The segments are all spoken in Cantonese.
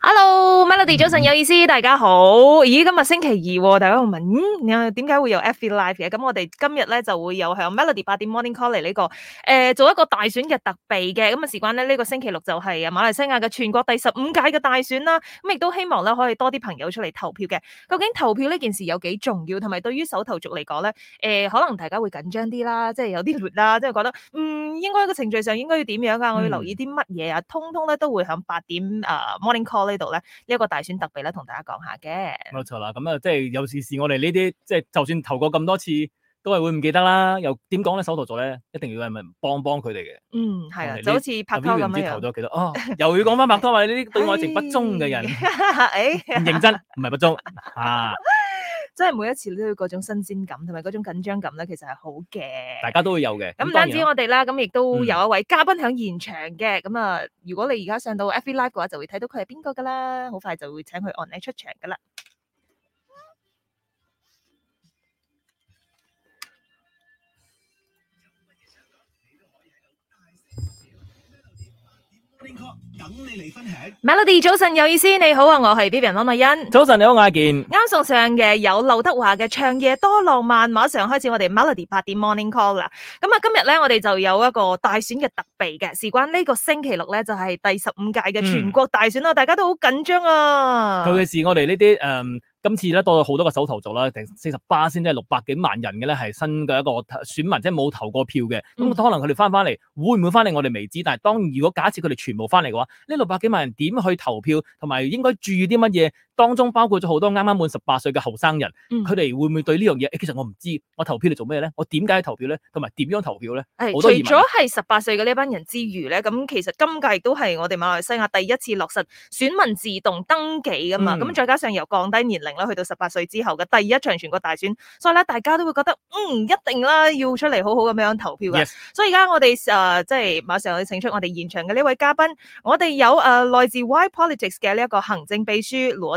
Hello, Melody 早晨，有意思，大家好。咦，今日星期二，大家會問，嗯，點解會有 f v y Live 嘅？咁我哋今日咧就會有響 Melody 八點 Morning Call 呢、這個誒、呃，做一個大選嘅特備嘅。咁啊事關咧呢、這個星期六就係啊馬來西亞嘅全國第十五屆嘅大選啦。咁亦都希望咧可以多啲朋友出嚟投票嘅。究竟投票呢件事有幾重要，同埋對於首投族嚟講咧，誒、呃，可能大家會緊張啲啦，即、就、係、是、有啲熱啦，即、就、係、是、覺得嗯，應該個程序上應該要點樣㗎。我要留意啲乜嘢啊？嗯、通通咧都會響八點啊、呃、Morning Call。這呢度咧，呢、這、一個大選特備咧，同大家講下嘅。冇錯啦，咁啊，即係有時是我哋呢啲，即係就算投過咁多次，都係會唔記得啦。又點講咧？手託咗咧，一定要係咪幫幫佢哋嘅？嗯，係啊，你就好似拍拖咁樣樣。投完咗幾多？哦，又要講翻拍拖啊！呢啲 對愛情不忠嘅人，唔 認真，唔係不忠 啊。真係每一次都要嗰種新鮮感同埋嗰種緊張感咧，其實係好嘅。大家都會有嘅。咁唔單止我哋啦，咁亦都有一位嘉賓喺現場嘅。咁啊、嗯，如果你而家上到 F Live 嘅話，就會睇到佢係邊個㗎啦。好快就會請佢 online 出場㗎啦。等你嚟分享。Melody 早晨有意思，你好啊，我係 Beverly 安美欣。早晨你好，阿健。啱送上嘅有劉德華嘅《長夜多浪漫》，馬上開始我哋 Melody 八點 Morning Call 啦。咁啊，今日咧我哋就有一個大選嘅特備嘅，事關呢個星期六咧就係、是、第十五屆嘅全國大選啦，嗯、大家都好緊張啊。尤其是我哋呢啲誒。呃今次咧多咗好多個首投族啦，定四十八先，即係六百幾萬人嘅呢係新嘅一個選民，即係冇投過票嘅。咁、嗯、可能佢哋返返嚟，會唔會返嚟我哋未知。但係當然如果假設佢哋全部返嚟嘅話，呢六百幾萬人點去投票，同埋應該注意啲乜嘢？當中包括咗好多啱啱滿十八歲嘅後生人，佢哋、嗯、會唔會對呢樣嘢？其實我唔知道，我投票嚟做咩咧？我點解投票咧？同埋點樣投票咧？哎、除咗係十八歲嘅呢班人之餘咧，咁其實今屆都係我哋馬來西亞第一次落實選民自動登記㗎嘛，咁、嗯、再加上由降低年齡啦，去到十八歲之後嘅第一場全國大選，所以咧大家都會覺得嗯一定啦，要出嚟好好咁樣投票嘅。Yes. 所以而家我哋誒即係馬上要請出我哋現場嘅呢位嘉賓，我哋有誒、呃、來自 y Politics 嘅呢一個行政秘書羅。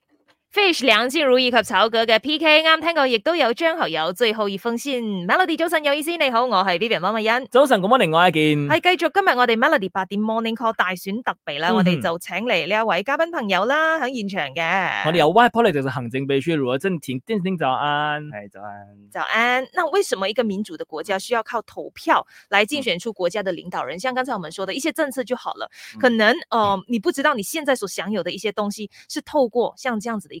fish 梁靜茹以及曹格嘅 P. K. 啱聽過，亦都有張學友最後一封信。Melody 早晨，有意思，你好，我係 Vivian 溫美欣。早晨，Good morning，我係阿健。係繼續今日我哋 Melody 八點 Morning Call 大選特備啦，嗯、哼我哋就請嚟呢一位嘉賓朋友啦，喺現場嘅。我哋有 y Policy 行政秘書羅正廷，正廷早安，係早安，早安。那為什麼一個民主的國家需要靠投票嚟競選出國家的領導人？嗯、像剛才我們說的一些政策就好了，嗯、可能，哦、呃，你不知道你現在所享有的一些東西是透過像這樣子的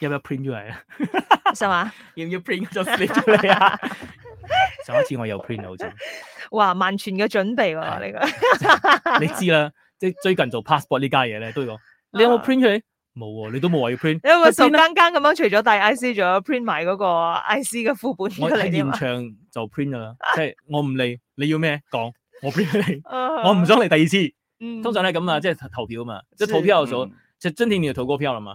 有冇 print 出嚟啊？係嘛？要唔要 print 就 print 出嚟啊？上一次我有 print 好似哇萬全嘅準備喎，你知啦，即最近做 passport 呢家嘢咧，都要講你有冇 print 出嚟？冇喎，你都冇話要 print，因為手乾乾咁樣，除咗帶 IC，仲有 print 埋嗰個 IC 嘅副本。我喺現場就 print 啦，即係我唔理你要咩講，我 print 你，我唔想嚟第二次。通常咧咁啊，即係投票嘛，即係投票嘅時候，即係張婷，你有投過票啦嘛？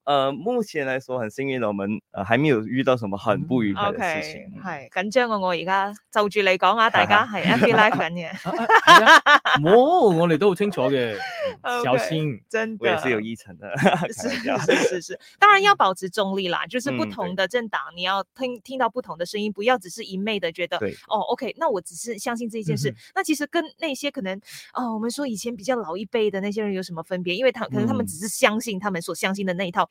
呃，目前來說很幸運的我們誒還沒有遇到什麼很不愉快的事情。係緊張啊！我而家就住嚟講啊，大家 happy life。冇，我哋都好清楚的 Okay, 小心，真的我也是有依陳的 是是是是，是，當然要保持中立啦。就是不同的政黨，嗯、你要聽聽到不同的聲音，不要只是一昧的覺得，對哦，OK，那我只是相信這一件事。嗯、哼那其實跟那些可能，哦，我們說以前比較老一輩的那些人有什麼分別？因為他可能他們只是相信他們所相信的那一套。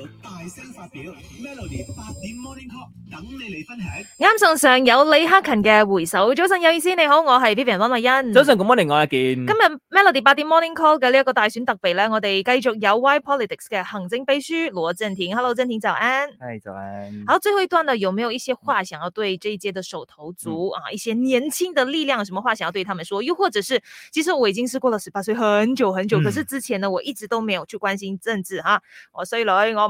大聲發表 Melody 八點 morning call 等你嚟分享。啱上上有李克勤嘅回首。早晨有意思，你好，我係 Vivian 汪慧欣。早晨咁，歡迎我阿健。今日 Melody 八點 morning call 嘅呢一個大選特備咧，我哋繼續有 Y Politics 嘅行政秘書羅振廷。Hello，振廷，早安。嗨，hey, 早安。好，最後一段咧，有冇一些話想要對這一屆嘅首投族啊，一些年輕的力量，什麼話想要對他們說？又或者是，其實我已經是過咗十八歲很久很久，嗯、可是之前呢，我一直都沒有去關心政治啊。我衰女。我。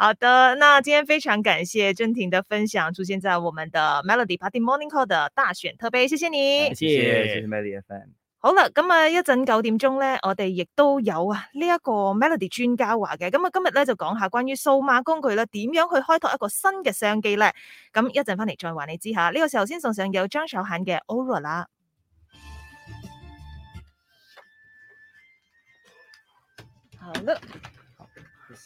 好的，那今天非常感謝真婷的分享，出現在我們的 Melody Party Morning Call 的大選特備，謝謝你，謝謝，Melody 好啦，咁啊一陣九點鐘呢，我哋亦都有啊呢一個 Melody 專家話嘅，咁啊今日呢，就講下關於數碼工具啦，點樣去開拓一個新嘅商機呢。咁一陣翻嚟再話你知下，呢、這個時候先送上有張敬軒嘅 Ora 啦。好的。